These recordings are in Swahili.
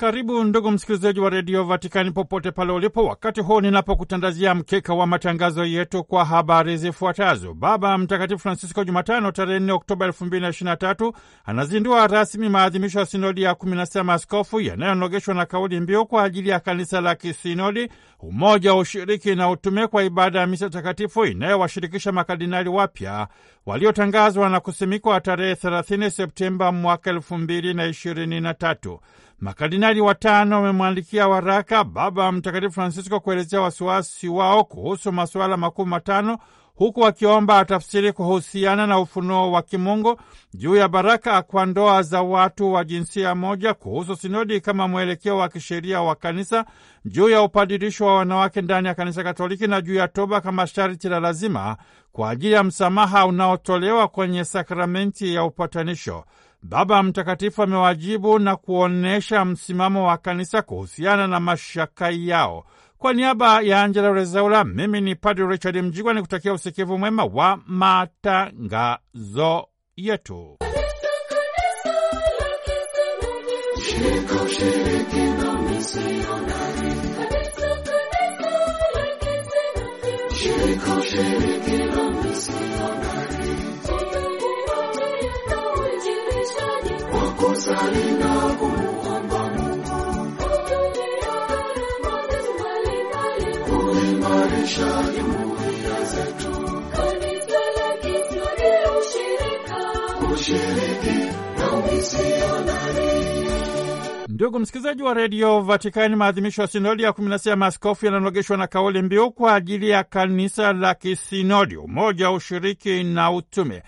Karibu ndugu msikilizaji wa redio Vatikani popote pale ulipo, wakati huu ninapokutandazia mkeka wa matangazo yetu kwa habari zifuatazo. Baba Mtakatifu Francisco Jumatano tarehe 4 Oktoba 2023 anazindua rasmi maadhimisho ya sinodi ya 16 maaskofu yanayonogeshwa na kauli mbiu kwa ajili ya kanisa la kisinodi, umoja, ushiriki na utume, kwa ibada ya misa takatifu inayowashirikisha makardinali wapya waliotangazwa na kusimikwa tarehe 30 Septemba mwaka 2023. Makardinali watano wamemwandikia waraka Baba Mtakatifu Francisco kuelezea wasiwasi wao kuhusu masuala makuu matano huku wakiomba atafsiri kuhusiana na ufunuo wa kimungu juu ya baraka kwa ndoa za watu wa jinsia moja, kuhusu sinodi kama mwelekeo wa kisheria wa kanisa, juu ya upadirisho wa wanawake ndani ya kanisa Katoliki na juu ya toba kama sharti la lazima kwa ajili ya msamaha unaotolewa kwenye sakramenti ya upatanisho. Baba Mtakatifu amewajibu na kuonyesha msimamo wa kanisa kuhusiana na mashaka yao. Kwa niaba ya Angela Rezaula, mimi ni Padre Richard Mjigwa ni kutakia usikivu mwema wa matangazo yetu. kusali na kumuomba Mungu kuimarisha jumuiya zetu, ushiriki na Ndugu msikilizaji wa redio Vatikani, maadhimisho ya sinodi ya 16 ya maaskofu yananogeshwa na kauli mbiu kwa ajili ya kanisa la kisinodi, umoja, ushiriki na utume.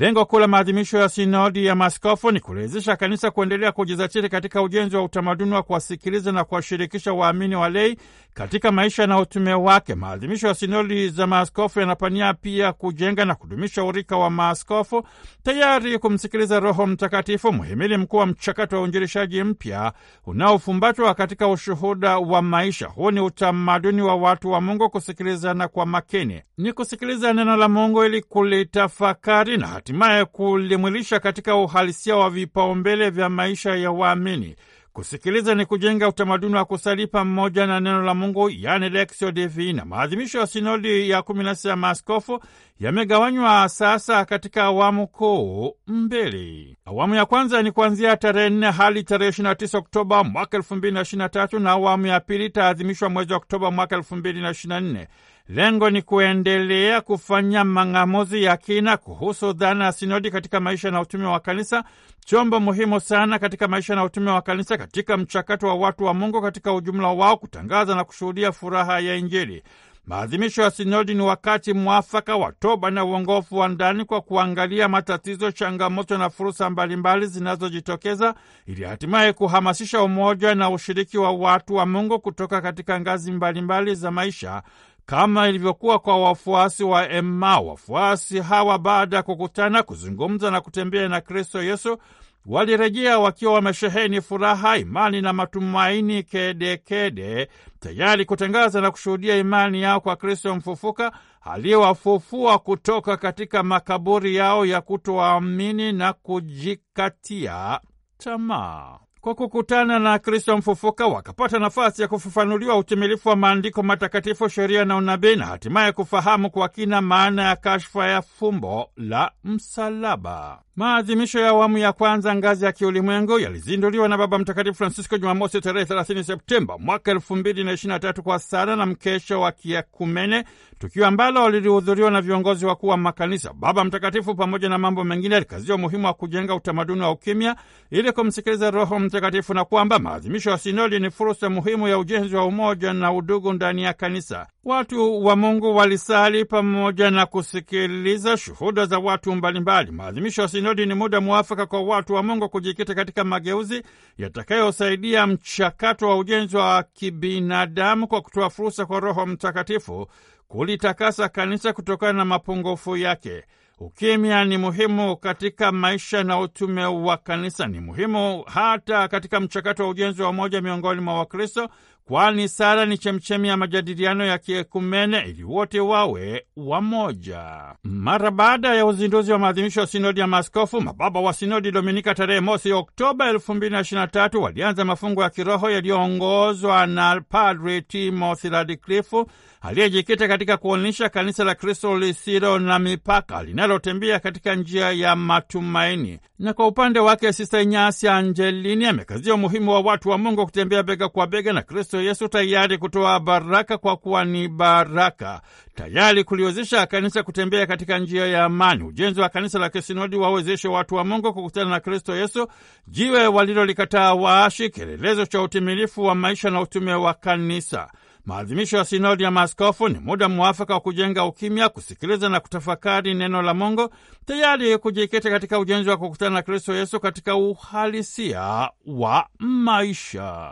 Lengo kuu la maadhimisho ya sinodi ya maskofu ni kuliwezesha kanisa kuendelea kujizatiti katika ujenzi wa utamaduni wa kuwasikiliza na kuwashirikisha waamini lei katika maisha na utume wake. Maadhimisho ya sinodi za maaskofu yanapania pia kujenga na kudumisha urika wa maaskofu tayari kumsikiliza Roho Mtakatifu, mhimili mkuu wa mchakato wa uinjilishaji mpya unaofumbatwa katika ushuhuda wa maisha. Huu ni utamaduni wa watu wa Mungu kusikilizana kwa makini, ni kusikiliza neno la Mungu ili kulitafakari na hatimaye kulimwilisha katika uhalisia wa vipaumbele vya maisha ya waamini. Kusikiliza ni kujenga utamaduni wa kusali pamoja na neno la Mungu, yani Lexio Divina. Maadhimisho ya sinodi ya kumi na sita ya maaskofu yamegawanywa sasa katika awamu kuu mbili. Awamu ya kwanza ni kuanzia tarehe nne hadi tarehe ishirini na tisa Oktoba mwaka elfu mbili na ishirini na tatu na awamu ya pili itaadhimishwa mwezi wa Oktoba mwaka elfu mbili na ishirini na nne. Lengo ni kuendelea kufanya mang'amuzi ya kina kuhusu dhana ya sinodi katika maisha na utume wa kanisa, chombo muhimu sana katika maisha na utume wa kanisa, katika mchakato wa watu wa Mungu katika ujumla wao kutangaza na kushuhudia furaha ya Injili. Maadhimisho ya sinodi ni wakati mwafaka wa toba na uongofu wa ndani kwa kuangalia matatizo, changamoto na fursa mbalimbali zinazojitokeza ili hatimaye kuhamasisha umoja na ushiriki wa watu wa Mungu kutoka katika ngazi mbalimbali za maisha kama ilivyokuwa kwa wafuasi wa Emma. Wafuasi hawa baada ya kukutana, kuzungumza na kutembea na Kristo Yesu walirejea wakiwa wamesheheni furaha, imani na matumaini kedekede, tayari kutangaza na kushuhudia imani yao kwa Kristo mfufuka aliyewafufua kutoka katika makaburi yao ya kutoamini na kujikatia tamaa kwa kukutana na Kristo mfufuka wakapata nafasi ya kufafanuliwa utimilifu wa maandiko matakatifu, sheria na unabii, na hatimaye kufahamu kwa kina maana ya kashfa ya fumbo la msalaba. Maadhimisho ya awamu ya kwanza ngazi ya kiulimwengu yalizinduliwa na Baba Mtakatifu Francisco Jumamosi tarehe 30 Septemba mwaka 2023 kwa sala na mkesha wa kiakumene, tukio ambalo lilihudhuriwa na viongozi wakuu wa makanisa. Baba Mtakatifu pamoja na mambo mengine alikazia umuhimu wa kujenga utamaduni wa ukimya ili kumsikiliza Roho Mtakatifu na kwamba maadhimisho ya sinodi ni fursa muhimu ya ujenzi wa umoja na udugu ndani ya kanisa. Watu wa Mungu walisali pamoja na kusikiliza shuhuda za watu mbalimbali. Maadhimisho ya sinodi ni muda mwafaka kwa watu wa Mungu kujikita katika mageuzi yatakayosaidia mchakato wa ujenzi wa kibinadamu kwa kutoa fursa kwa Roho Mtakatifu kulitakasa kanisa kutokana na mapungufu yake. Ukimya ni muhimu katika maisha na utume wa kanisa. Ni muhimu hata katika mchakato wa ujenzi wa umoja miongoni mwa Wakristo kwani sala ni chemchemi ya majadiliano ya kiekumene ili wote wawe wamoja. Mara baada ya uzinduzi wa maadhimisho ya sinodi ya maaskofu, mababa wa sinodi Dominika tarehe mosi Oktoba 2023 walianza mafungo ya kiroho yaliyoongozwa na Padre Timothy Radcliffe aliyejikita katika kuonyesha kanisa la Kristo lisilo na mipaka linalotembea katika njia ya matumaini. Na kwa upande wake Sista Inyasi Angelini amekazia umuhimu wa watu wa Mungu kutembea bega kwa bega na Kristo Kristo Yesu, tayari kutoa baraka kwa kuwa ni baraka, tayari kuliwezesha kanisa kutembea katika njia ya amani. Ujenzi wa kanisa la kisinodi wawezeshe watu wa Mungu kukutana na Kristo Yesu, jiwe walilolikataa waashi, kielelezo cha utimilifu wa maisha na utume wa kanisa. Maadhimisho ya sinodi ya maaskofu ni muda mwafaka wa kujenga ukimya, kusikiliza na kutafakari neno la Mungu, tayari kujikita katika ujenzi wa kukutana na Kristo Yesu katika uhalisia wa maisha.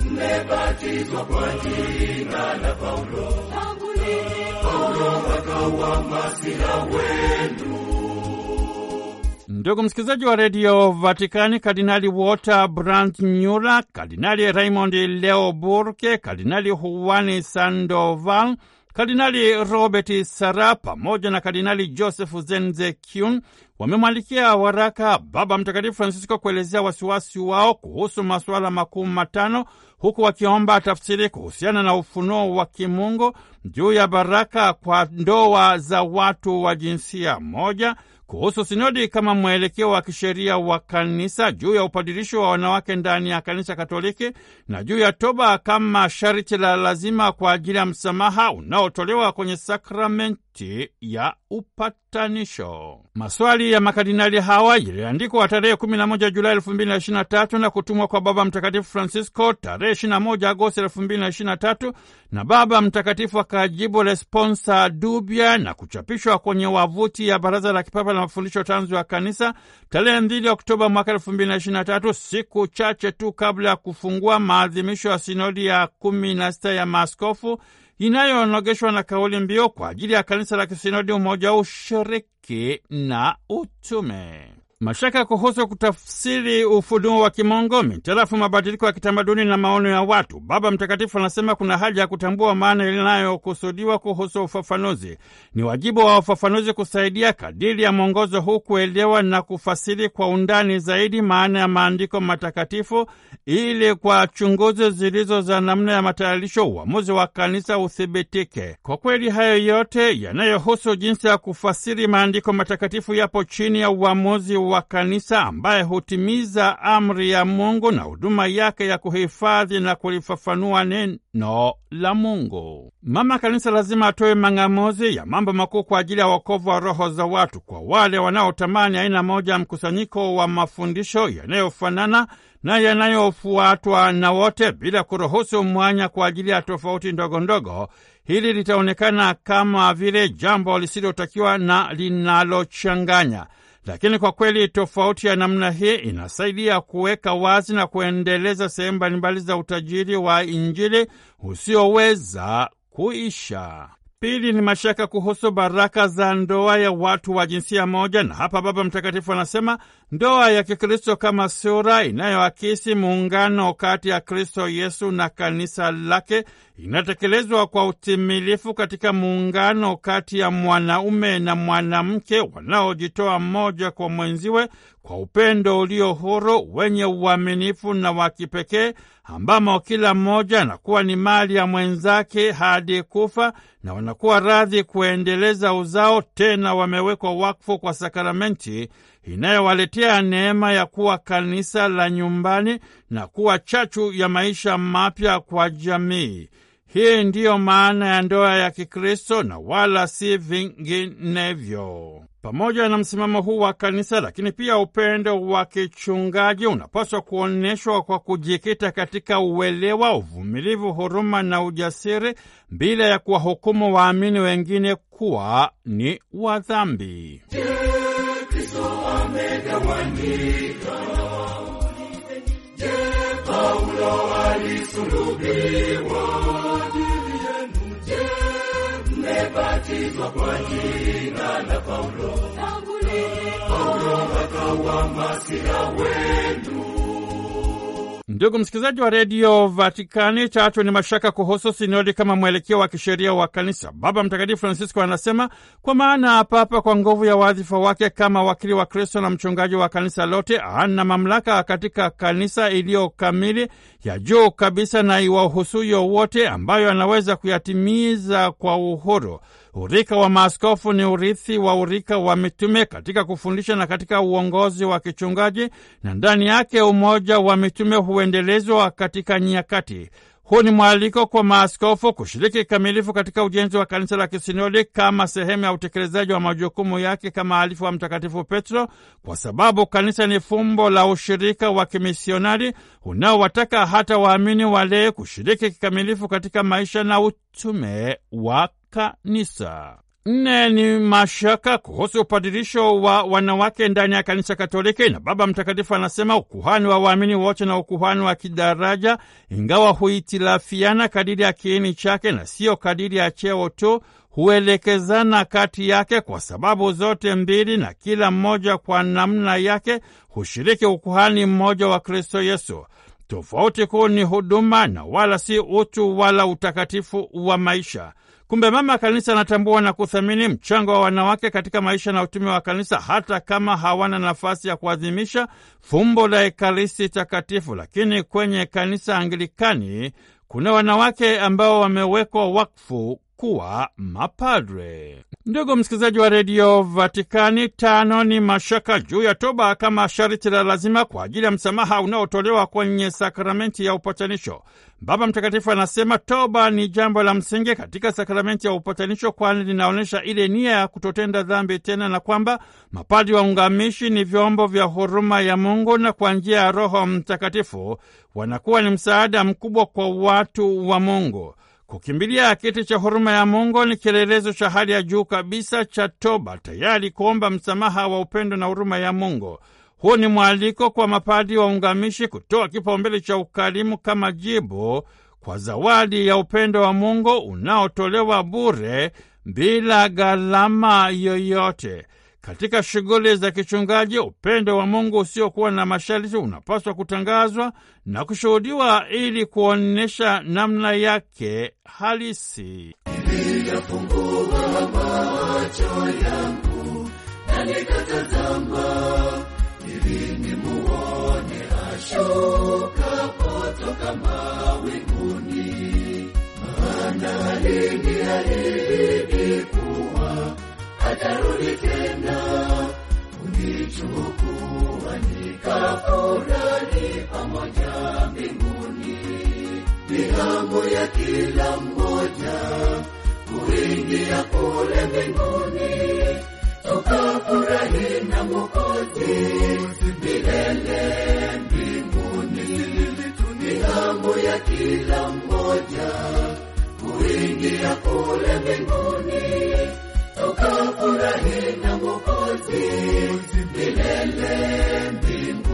mmebatizwa kwa jina la Paulo, Paulo akawa masila wenu. Ndugu msikilizaji wa redio Vatikani, Kardinali Walter Nyula, Kardinali Raymond Leo Burke, Kardinali Juani Sandoval Kardinali Robert Sara pamoja na Kardinali Joseph Zenze Kyun wamemwandikia waraka Baba Mtakatifu Francisco kuelezea wasiwasi wao kuhusu masuala makuu matano, huku wakiomba tafsiri kuhusiana na ufunuo wa kimungu juu ya baraka kwa ndoa za watu wa jinsia moja, kuhusu sinodi kama mwelekeo wa kisheria wa kanisa, juu ya upadirisho wa wanawake ndani ya kanisa Katoliki na juu ya toba kama sharti la lazima kwa ajili ya msamaha unaotolewa kwenye sakramenti ya upatanisho. Maswali ya makardinali hawa yaliandikwa tarehe 11 Julai 2023 na kutumwa kwa Baba Mtakatifu Francisco tarehe 21 Agosti 2023 na Baba Mtakatifu wa kutoka jimbo Responsa Dubia na kuchapishwa kwenye wavuti ya Baraza la Kipapa la Mafundisho Tanzu ya Kanisa tarehe 2 Oktoba mwaka 2023, siku chache tu kabla ya kufungua maadhimisho ya sinodi ya 16 ya maaskofu inayoonogeshwa na kauli mbiu kwa ajili ya kanisa la kisinodi, umoja, ushiriki na utume. Mashaka kuhusu kutafsiri ufunuo wa kimongo mitarafu mabadiliko ya kitamaduni na maono ya watu. Baba Mtakatifu anasema kuna haja ya kutambua maana inayokusudiwa kuhusu ufafanuzi. Ni wajibu wa ufafanuzi kusaidia kadiri ya mwongozo huu kuelewa na kufasiri kwa undani zaidi maana ya maandiko matakatifu ili kwa chunguzi zilizo za namna ya matayarisho uamuzi wa kanisa uthibitike. Kwa kweli hayo yote yanayohusu jinsi ya kufasiri maandiko matakatifu yapo chini ya uamuzi wa kanisa ambaye hutimiza amri ya Mungu na huduma yake ya kuhifadhi na kulifafanua neno la Mungu. Mama Kanisa lazima atoe mang'amuzi ya mambo makuu kwa ajili ya wokovu wa roho za watu. Kwa wale wanaotamani aina moja ya mkusanyiko wa mafundisho yanayofanana na yanayofuatwa na wote bila kuruhusu mwanya kwa ajili ya tofauti ndogo ndogo. Hili litaonekana kama vile jambo lisilotakiwa na linalochanganya, lakini kwa kweli tofauti ya namna hii inasaidia kuweka wazi na kuendeleza sehemu mbalimbali za utajiri wa Injili usioweza kuisha. Pili ni mashaka kuhusu baraka za ndoa ya watu wa jinsia moja, na hapa Baba Mtakatifu anasema ndoa ya Kikristo kama sura inayoakisi muungano kati ya Kristo Yesu na kanisa lake inatekelezwa kwa utimilifu katika muungano kati ya mwanaume na mwanamke wanaojitoa mmoja kwa mwenziwe kwa upendo ulio huru, wenye uaminifu na wa kipekee, ambamo kila mmoja anakuwa ni mali ya mwenzake hadi kufa, na wanakuwa radhi kuendeleza uzao, tena wamewekwa wakfu kwa sakramenti inayowaletea neema ya kuwa kanisa la nyumbani na kuwa chachu ya maisha mapya kwa jamii. Hii ndiyo maana ya ndoa ya Kikristo na wala si vinginevyo. Pamoja na msimamo huu wa kanisa, lakini pia upendo wa kichungaji unapaswa kuonyeshwa kwa kujikita katika uelewa, uvumilivu, huruma na ujasiri, bila ya kuwahukumu waamini wengine kuwa ni wadhambi. Je, aliyebatizwa kwa jina la Paulo, Paulo akawa masira wenu Ndugu msikilizaji wa redio Vatikani, tatu ni mashaka kuhusu sinodi kama mwelekeo wa kisheria wa kanisa. Baba Mtakatifu Francisco anasema kwa maana Papa kwa nguvu ya wadhifa wake kama wakili wa Kristo na mchungaji wa kanisa lote ana mamlaka katika kanisa iliyo kamili ya juu kabisa na iwahusuyo wote, ambayo anaweza kuyatimiza kwa uhuru. Urika wa maaskofu ni urithi wa urika wa mitume katika kufundisha na katika uongozi wa kichungaji, na ndani yake umoja wa mitume huendelezwa katika nyakati. Huu ni mwaliko kwa maaskofu kushiriki kikamilifu katika ujenzi wa kanisa la kisinodi kama sehemu ya utekelezaji wa majukumu yake kama alifu wa Mtakatifu Petro, kwa sababu kanisa ni fumbo la ushirika wa kimisionari unaowataka hata waamini walee kushiriki kikamilifu katika maisha na utume wa kanisa. Nne ni mashaka kuhusu upadirisho wa wanawake ndani ya kanisa Katoliki, na Baba Mtakatifu anasema ukuhani wa waamini wote na ukuhani wa kidaraja, ingawa huitilafiana kadiri ya kiini chake na siyo kadiri ya cheo tu, huelekezana kati yake kwa sababu zote mbili, na kila mmoja kwa namna yake hushiriki ukuhani mmoja wa Kristo Yesu. Tofauti kuu ni huduma na wala si utu wala utakatifu wa maisha. Kumbe mama kanisa anatambua na kuthamini mchango wa wanawake katika maisha na utume wa kanisa, hata kama hawana nafasi ya kuadhimisha fumbo la Ekaristi Takatifu. Lakini kwenye kanisa Anglikani kuna wanawake ambao wamewekwa wakfu kuwa mapadre. Ndugu msikilizaji wa redio Vatikani, tano ni mashaka juu ya toba kama sharti la lazima kwa ajili ya msamaha unaotolewa kwenye sakramenti ya upatanisho. Baba Mtakatifu anasema toba ni jambo la msingi katika sakramenti ya upatanisho, kwani linaonyesha ile nia ya kutotenda dhambi tena, na kwamba mapadi waungamishi ni vyombo vya huruma ya Mungu, na kwa njia ya Roho Mtakatifu wanakuwa ni msaada mkubwa kwa watu wa Mungu. Kukimbilia kiti cha huruma ya Mungu ni kielelezo cha hali ya juu kabisa cha toba, tayari kuomba msamaha wa upendo na huruma ya Mungu. Huu ni mwaliko kwa mapadi waungamishi kutoa kipaumbele cha ukarimu kama jibu kwa zawadi ya upendo wa Mungu unaotolewa bure bila gharama yoyote. Katika shughuli za kichungaji, upendo wa Mungu usiokuwa na masharti unapaswa kutangazwa na kushuhudiwa ili kuonyesha namna yake halisi. atarudi tena unichukua nikafurahi pamoja mbinguni. Ni ya kila mmoja kuingia kule mbinguni tukafurahi na Mwokozi milele mbinguni. Ni ya kila mmoja kuingia kule mbinguni ukafurahi na Mwokozi milele mbingu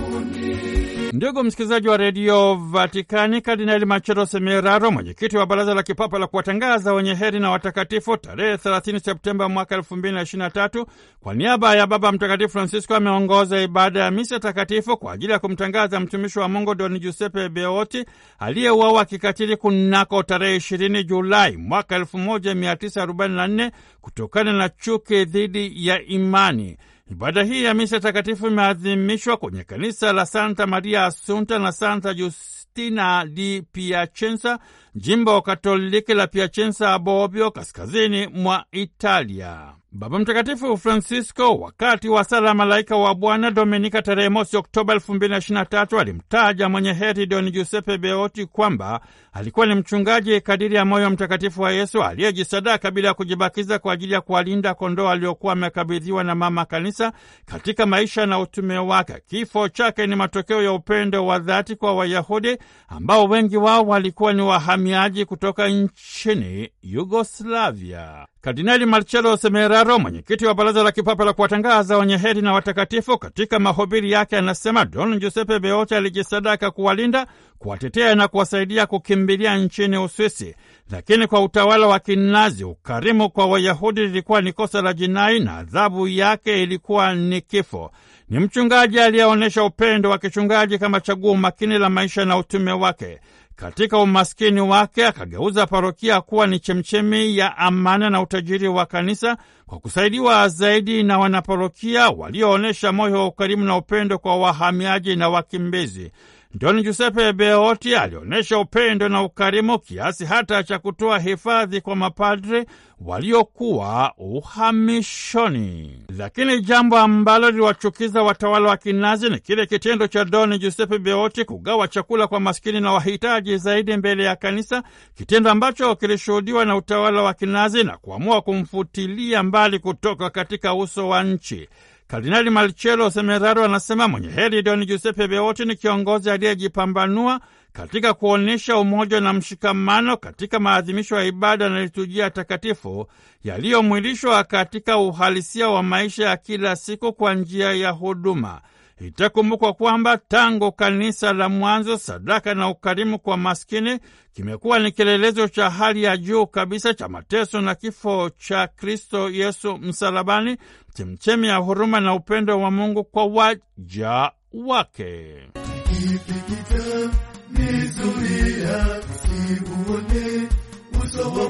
Ndugu msikilizaji wa redio Vatikani, Kardinali Machero Semeraro, mwenyekiti wa baraza la kipapa la kuwatangaza wenye heri na watakatifu, tarehe 30 Septemba mwaka 2023, kwa niaba ya Baba Mtakatifu Francisco ameongoza ibada ya misa takatifu kwa ajili ya kumtangaza mtumishi wa Mungu Don Giuseppe Beotti aliyeuawa kikatili kunako tarehe 20 Julai mwaka 1944 kutokana na chuki dhidi ya imani. Ibada hii ya misa takatifu imeadhimishwa kwenye kanisa la Santa Maria Assunta na Santa Justina di Piacenza, jimbo Katoliki la Piacenza a Bobbio, kaskazini mwa Italia. Baba Mtakatifu Francisco, wakati wa sala Malaika wa Bwana Dominika tarehe mosi Oktoba 2023, alimtaja mwenye heri Don Giuseppe Beoti kwamba Alikuwa ni mchungaji kadiri ya moyo mtakatifu wa Yesu aliyejisadaka bila ya kujibakiza kwa ajili ya kuwalinda kondoo aliokuwa amekabidhiwa na mama kanisa katika maisha na utume wake. Kifo chake ni matokeo ya upendo wa dhati kwa Wayahudi ambao wengi wao walikuwa ni wahamiaji kutoka nchini Yugoslavia. Kardinali Marcello Semeraro, mwenyekiti wa Baraza la Kipapa la kuwatangaza wenye heri na watakatifu, katika mahubiri yake anasema Don Giuseppe Beote alijisadaka kuwalinda, kuwatetea na kuwasaidia kukim kukimbilia nchini Uswisi, lakini kwa utawala wa Kinazi ukarimu kwa Wayahudi lilikuwa ni kosa la jinai na adhabu yake ilikuwa ni kifo. Ni mchungaji aliyeonyesha upendo wa kichungaji kama chaguo makini la maisha na utume wake. Katika umaskini wake akageuza parokia kuwa ni chemchemi ya amana na utajiri wa kanisa kwa kusaidiwa zaidi na wanaparokia walioonyesha moyo wa ukarimu na upendo kwa wahamiaji na wakimbizi. Don Giuseppe Beotti alionyesha upendo na ukarimu kiasi hata cha kutoa hifadhi kwa mapadre waliokuwa uhamishoni. Lakini jambo ambalo liliwachukiza watawala wa kinazi ni kile kitendo cha Don Giuseppe Beotti kugawa chakula kwa maskini na wahitaji zaidi mbele ya kanisa, kitendo ambacho kilishuhudiwa na utawala wa kinazi na kuamua kumfutilia mbali kutoka katika uso wa nchi. Kardinali Marcello Semeraro anasema mwenye heri Don Giuseppe beoti ni kiongozi aliyejipambanua katika kuonyesha umoja na mshikamano katika maadhimisho ya ibada na liturujia takatifu yaliyomwilishwa katika uhalisia wa maisha ya kila siku kwa njia ya huduma. Itakumbukwa kwamba tangu kanisa la mwanzo, sadaka na ukarimu kwa maskini kimekuwa ni kielelezo cha hali ya juu kabisa cha mateso na kifo cha Kristo Yesu msalabani, chemchemi ya huruma na upendo wa Mungu kwa waja wake.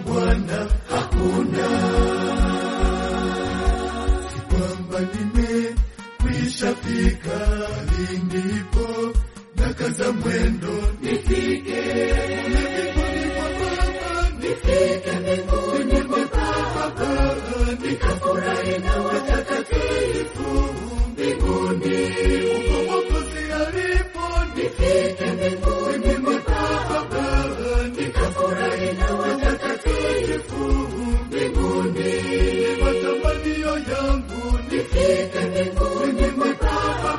Bwana Fika nilipo, nakaza mwendo nifike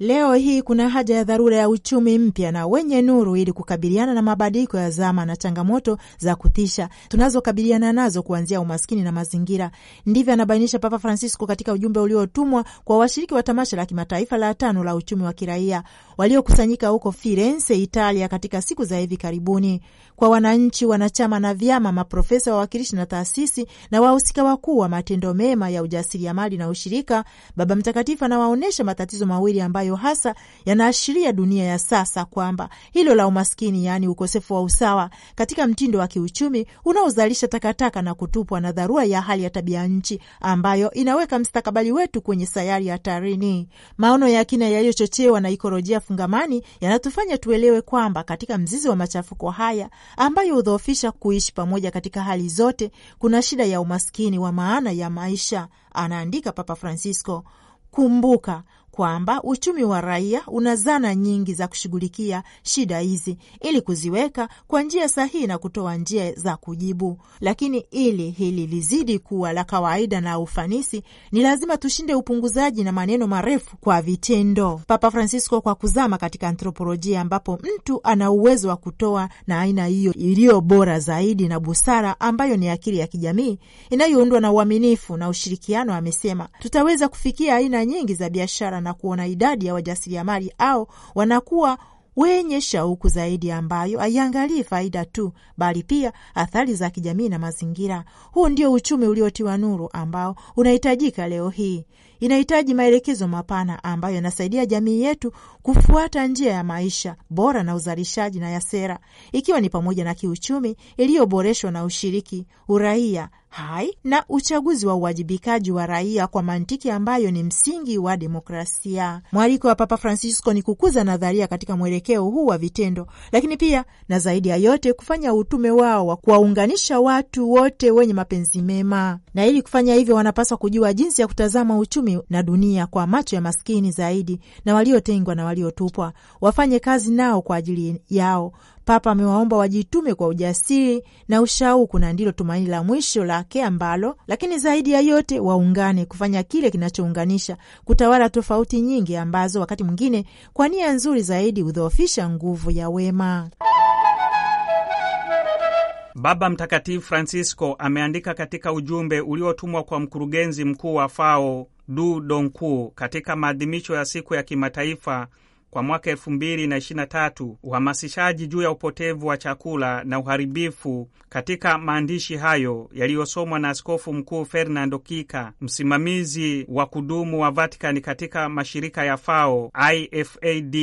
Leo hii kuna haja ya dharura ya uchumi mpya na wenye nuru ili kukabiliana na mabadiliko ya zama na changamoto za kutisha tunazokabiliana nazo kuanzia umaskini na mazingira. Ndivyo anabainisha Papa Francisco katika ujumbe uliotumwa kwa washiriki wa tamasha la kimataifa la tano la uchumi wa kiraia waliokusanyika huko Firenze, Italia, katika siku za hivi karibuni. Kwa wananchi, wanachama na vyama, maprofesa, wawakilishi na taasisi na wahusika wakuu wa matendo mema ya ujasiriamali na ushirika, Baba Mtakatifu anawaonyesha matatizo mawili ambayo hasa yanaashiria dunia ya sasa, kwamba hilo la umaskini, yaani ukosefu wa usawa katika mtindo wa kiuchumi unaozalisha takataka na kutupwa, na dharura ya hali ya tabia nchi ambayo inaweka mstakabali wetu kwenye sayari hatarini. Maono ya kina yaliyochochewa na ikolojia fungamani yanatufanya tuelewe kwamba katika mzizi wa machafuko haya ambayo hudhoofisha kuishi pamoja katika hali zote kuna shida ya umaskini wa maana ya maisha, anaandika Papa Francisco. Kumbuka kwamba uchumi wa raia una zana nyingi za kushughulikia shida hizi ili kuziweka kwa njia sahihi na kutoa njia za kujibu. Lakini ili hili lizidi kuwa la kawaida na ufanisi, ni lazima tushinde upunguzaji na maneno marefu kwa vitendo. Papa Francisco kwa kuzama katika anthropolojia, ambapo mtu ana uwezo wa kutoa na aina hiyo iliyo bora zaidi na busara, ambayo ni akili ya kijamii inayoundwa na uaminifu na ushirikiano, amesema tutaweza kufikia aina nyingi za biashara na kuona idadi ya wajasiriamali au wanakuwa wenye shauku zaidi ambayo haiangalii faida tu bali pia athari za kijamii na mazingira. Huu ndio uchumi uliotiwa nuru ambao unahitajika leo hii. Inahitaji maelekezo mapana ambayo yanasaidia jamii yetu kufuata njia ya maisha bora na uzalishaji na ya sera, ikiwa ni pamoja na kiuchumi iliyoboreshwa na ushiriki, uraia hai na uchaguzi wa uwajibikaji wa raia kwa mantiki ambayo ni msingi wa demokrasia. Mwaliko wa Papa Francisco ni kukuza nadharia katika mwelekeo huu wa vitendo, lakini pia na zaidi ya yote kufanya utume wao wa kuwaunganisha watu wote wenye mapenzi mema, na ili kufanya hivyo wanapaswa kujua jinsi ya kutazama uchumi na dunia kwa macho ya maskini zaidi na waliotengwa na waliotupwa. Wafanye kazi nao kwa ajili yao Papa amewaomba wajitume kwa ujasiri na ushauku, na ndilo tumaini la mwisho lake ambalo, lakini zaidi ya yote, waungane kufanya kile kinachounganisha, kutawala tofauti nyingi ambazo wakati mwingine kwa nia nzuri zaidi hudhoofisha nguvu ya wema. Baba Mtakatifu Francisco ameandika katika ujumbe uliotumwa kwa mkurugenzi mkuu wa FAO Du Donku katika maadhimisho ya siku ya kimataifa kwa mwaka 2023 uhamasishaji juu ya upotevu wa chakula na uharibifu katika maandishi hayo yaliyosomwa na Askofu Mkuu Fernando Kika, msimamizi wa kudumu wa Vatikani katika mashirika ya FAO, IFAD,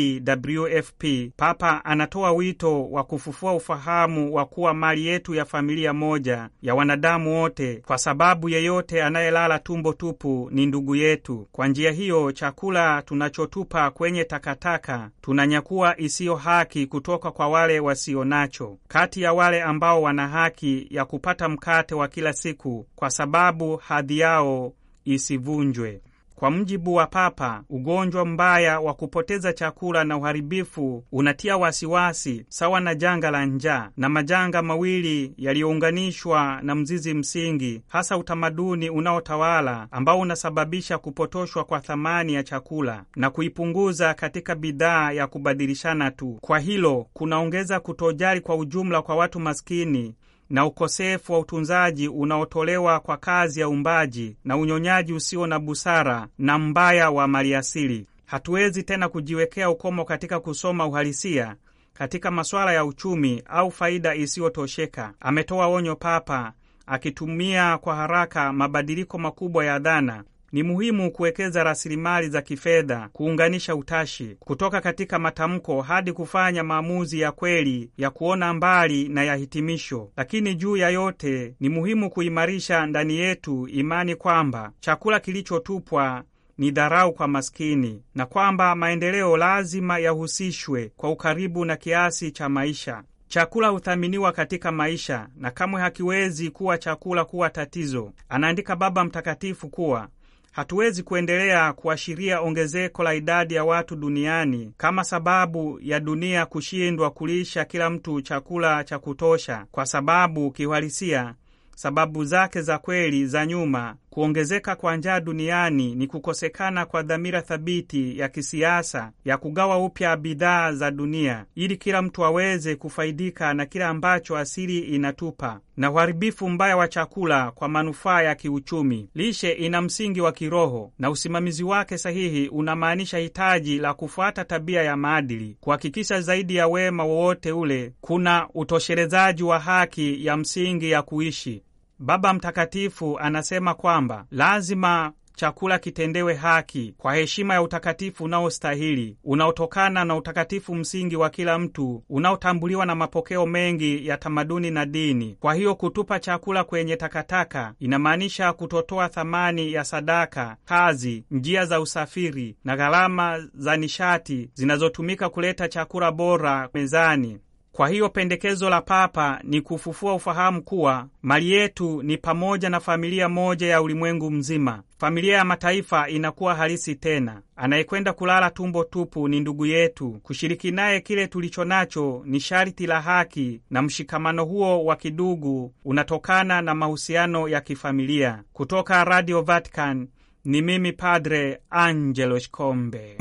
WFP, Papa anatoa wito wa kufufua ufahamu wa kuwa mali yetu ya familia moja ya wanadamu wote, kwa sababu yeyote anayelala tumbo tupu ni ndugu yetu. Kwa njia hiyo, chakula tunachotupa kwenye takataka tuna tunanyakua isiyo haki kutoka kwa wale wasio nacho, kati ya wale ambao wana haki ya kupata mkate wa kila siku, kwa sababu hadhi yao isivunjwe. Kwa mjibu wa Papa, ugonjwa mbaya wa kupoteza chakula na uharibifu unatia wasiwasi sawa na janga la njaa, na majanga mawili yaliyounganishwa na mzizi msingi, hasa utamaduni unaotawala ambao unasababisha kupotoshwa kwa thamani ya chakula na kuipunguza katika bidhaa ya kubadilishana tu. Kwa hilo kunaongeza kutojali kwa ujumla kwa watu maskini na ukosefu wa utunzaji unaotolewa kwa kazi ya uumbaji na unyonyaji usio na busara na mbaya wa maliasili. Hatuwezi tena kujiwekea ukomo katika kusoma uhalisia katika masuala ya uchumi au faida isiyotosheka, ametoa onyo Papa akitumia kwa haraka mabadiliko makubwa ya dhana ni muhimu kuwekeza rasilimali za kifedha, kuunganisha utashi, kutoka katika matamko hadi kufanya maamuzi ya kweli ya kuona mbali na ya hitimisho. Lakini juu ya yote, ni muhimu kuimarisha ndani yetu imani kwamba chakula kilichotupwa ni dharau kwa maskini na kwamba maendeleo lazima yahusishwe kwa ukaribu na kiasi cha maisha. Chakula huthaminiwa katika maisha na kamwe hakiwezi kuwa chakula kuwa tatizo. Anaandika Baba Mtakatifu kuwa Hatuwezi kuendelea kuashiria ongezeko la idadi ya watu duniani kama sababu ya dunia kushindwa kulisha kila mtu chakula cha kutosha, kwa sababu kiuhalisia, sababu zake za kweli za nyuma Kuongezeka kwa njaa duniani ni kukosekana kwa dhamira thabiti ya kisiasa ya kugawa upya bidhaa za dunia ili kila mtu aweze kufaidika na kile ambacho asili inatupa, na uharibifu mbaya wa chakula kwa manufaa ya kiuchumi. Lishe ina msingi wa kiroho na usimamizi wake sahihi unamaanisha hitaji la kufuata tabia ya maadili, kuhakikisha zaidi ya wema wowote ule kuna utoshelezaji wa haki ya msingi ya kuishi. Baba Mtakatifu anasema kwamba lazima chakula kitendewe haki kwa heshima ya utakatifu unaostahili unaotokana na utakatifu msingi wa kila mtu unaotambuliwa na mapokeo mengi ya tamaduni na dini. Kwa hiyo kutupa chakula kwenye takataka inamaanisha kutotoa thamani ya sadaka, kazi, njia za usafiri na gharama za nishati zinazotumika kuleta chakula bora mezani. Kwa hiyo pendekezo la Papa ni kufufua ufahamu kuwa mali yetu ni pamoja na familia moja ya ulimwengu mzima. Familia ya mataifa inakuwa halisi tena. Anayekwenda kulala tumbo tupu ni ndugu yetu. Kushiriki naye kile tulicho nacho ni sharti la haki, na mshikamano huo wa kidugu unatokana na mahusiano ya kifamilia. Kutoka Radio Vatican ni mimi Padre Angelo Shikombe.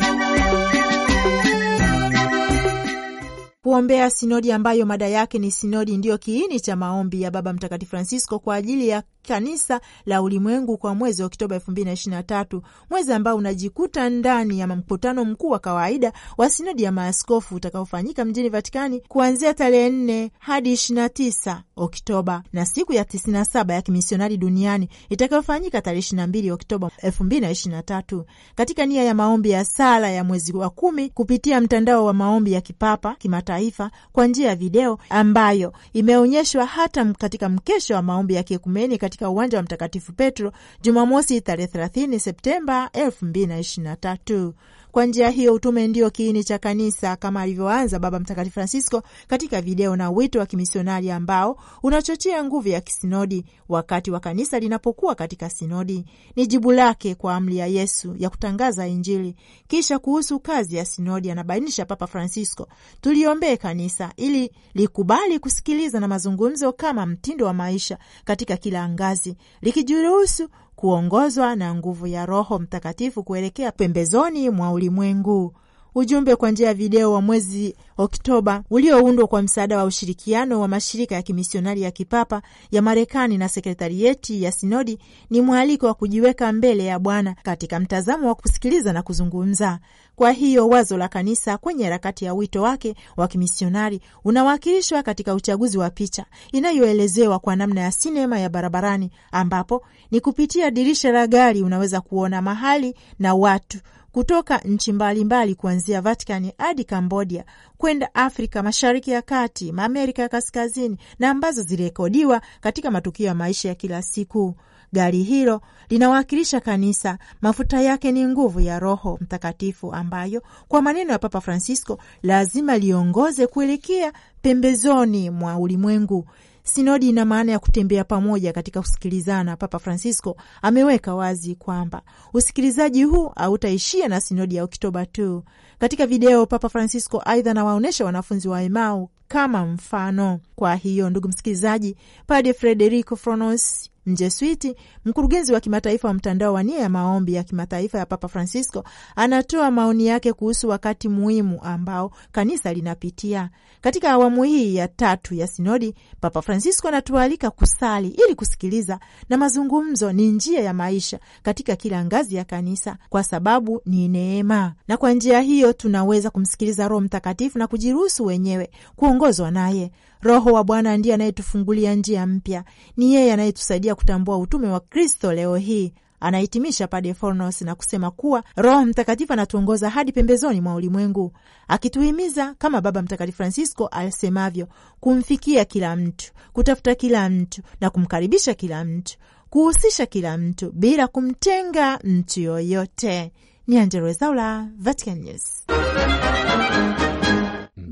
kuombea sinodi ambayo mada yake ni sinodi ndiyo kiini cha maombi ya Baba Mtakatifu Francisco kwa ajili ya kanisa la ulimwengu kwa mwezi wa Oktoba elfu mbili na na tatu, mwezi ambao unajikuta ndani ya mkutano mkuu wa kawaida wa sinodi ya maaskofu utakaofanyika mjini Vatikani kuanzia tarehe nne hadi ishirini na tisa Oktoba na siku ya tisini na saba ya kimisionari duniani itakayofanyika tarehe ishirini na mbili Oktoba elfu mbili na na tatu katika nia ya maombi ya sala ya mwezi wa kumi kupitia mtandao wa maombi ya kipapa kimataifa kimataifa kwa njia ya video ambayo imeonyeshwa hata katika mkesho wa maombi ya kiekumeni katika uwanja wa Mtakatifu Petro Jumamosi tarehe 30 Septemba 2023. Kwa njia hiyo utume ndio kiini cha kanisa, kama alivyoanza Baba Mtakatifu Francisco katika video na wito wa kimisionari ambao unachochea nguvu ya kisinodi. Wakati wa kanisa linapokuwa katika sinodi, ni jibu lake kwa amri ya Yesu ya kutangaza Injili. Kisha kuhusu kazi ya sinodi, anabainisha Papa Francisco, tuliombee kanisa ili likubali kusikiliza na mazungumzo kama mtindo wa maisha katika kila ngazi, likijiruhusu kuongozwa na nguvu ya Roho Mtakatifu kuelekea pembezoni mwa ulimwengu ujumbe kwa njia ya video wa mwezi Oktoba ulioundwa kwa msaada wa ushirikiano wa mashirika ya kimisionari ya kipapa ya Marekani na sekretarieti ya sinodi ni mwaliko wa kujiweka mbele ya Bwana katika mtazamo wa kusikiliza na kuzungumza. Kwa hiyo wazo la kanisa kwenye harakati ya wito wake wa kimisionari unawakilishwa katika uchaguzi wa picha inayoelezewa kwa namna ya sinema ya barabarani, ambapo ni kupitia dirisha la gari unaweza kuona mahali na watu kutoka nchi mbalimbali kuanzia Vatican hadi cambodia kwenda Afrika Mashariki ya Kati, Amerika ya Kaskazini, na ambazo zilirekodiwa katika matukio ya maisha ya kila siku. Gari hilo linawakilisha kanisa, mafuta yake ni nguvu ya Roho Mtakatifu ambayo kwa maneno ya Papa Francisco lazima liongoze kuelekea pembezoni mwa ulimwengu Sinodi ina maana ya kutembea pamoja katika kusikilizana. Papa Francisco ameweka wazi kwamba usikilizaji huu hautaishia na sinodi ya Oktoba tu. Katika video, Papa Francisco aidha anawaonyesha wanafunzi wa Emau kama mfano. Kwa hiyo, ndugu msikilizaji, Pade Frederico Fronos Mjeswiti mkurugenzi wa kimataifa wa mtandao wa nia ya maombi ya kimataifa ya Papa Francisco anatoa maoni yake kuhusu wakati muhimu ambao kanisa linapitia katika awamu hii ya tatu ya sinodi. Papa Francisco anatualika kusali ili kusikiliza, na mazungumzo ni njia ya maisha katika kila ngazi ya kanisa, kwa sababu ni neema, na kwa njia hiyo tunaweza kumsikiliza Roho Mtakatifu na kujiruhusu wenyewe kuongozwa naye. Roho wa Bwana ndiye anayetufungulia njia mpya, ni yeye anayetusaidia ya kutambua utume wa Kristo leo hii. Anahitimisha Pade Fornos na kusema kuwa Roho Mtakatifu anatuongoza hadi pembezoni mwa ulimwengu, akituhimiza kama Baba Mtakatifu Francisco asemavyo, kumfikia kila mtu, kutafuta kila mtu na kumkaribisha kila mtu, kuhusisha kila mtu bila kumtenga mtu yoyote. Ni Angella Rwezaula, Vatican News.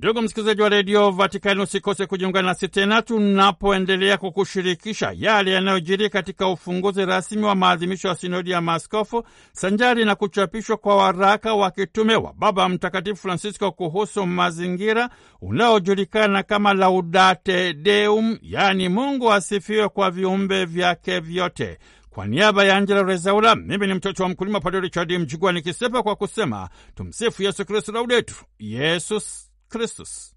Ndugu msikilizaji wa redio Vatikani, usikose kujiunga nasi tena tunapoendelea kukushirikisha yale yanayojiri katika ufunguzi rasmi wa maadhimisho ya sinodi ya maaskofu sanjari na kuchapishwa kwa waraka wa kitume wa Baba Mtakatifu Francisco kuhusu mazingira unaojulikana kama Laudate Deum, yaani Mungu asifiwe kwa viumbe vyake vyote. Kwa niaba ya Angela Rezaula, mimi ni mtoto wa mkulima Padre Richard Mjigwa nikisepa kwa kusema tumsifu Yesu Kristu, laudetu Yesus 크레스스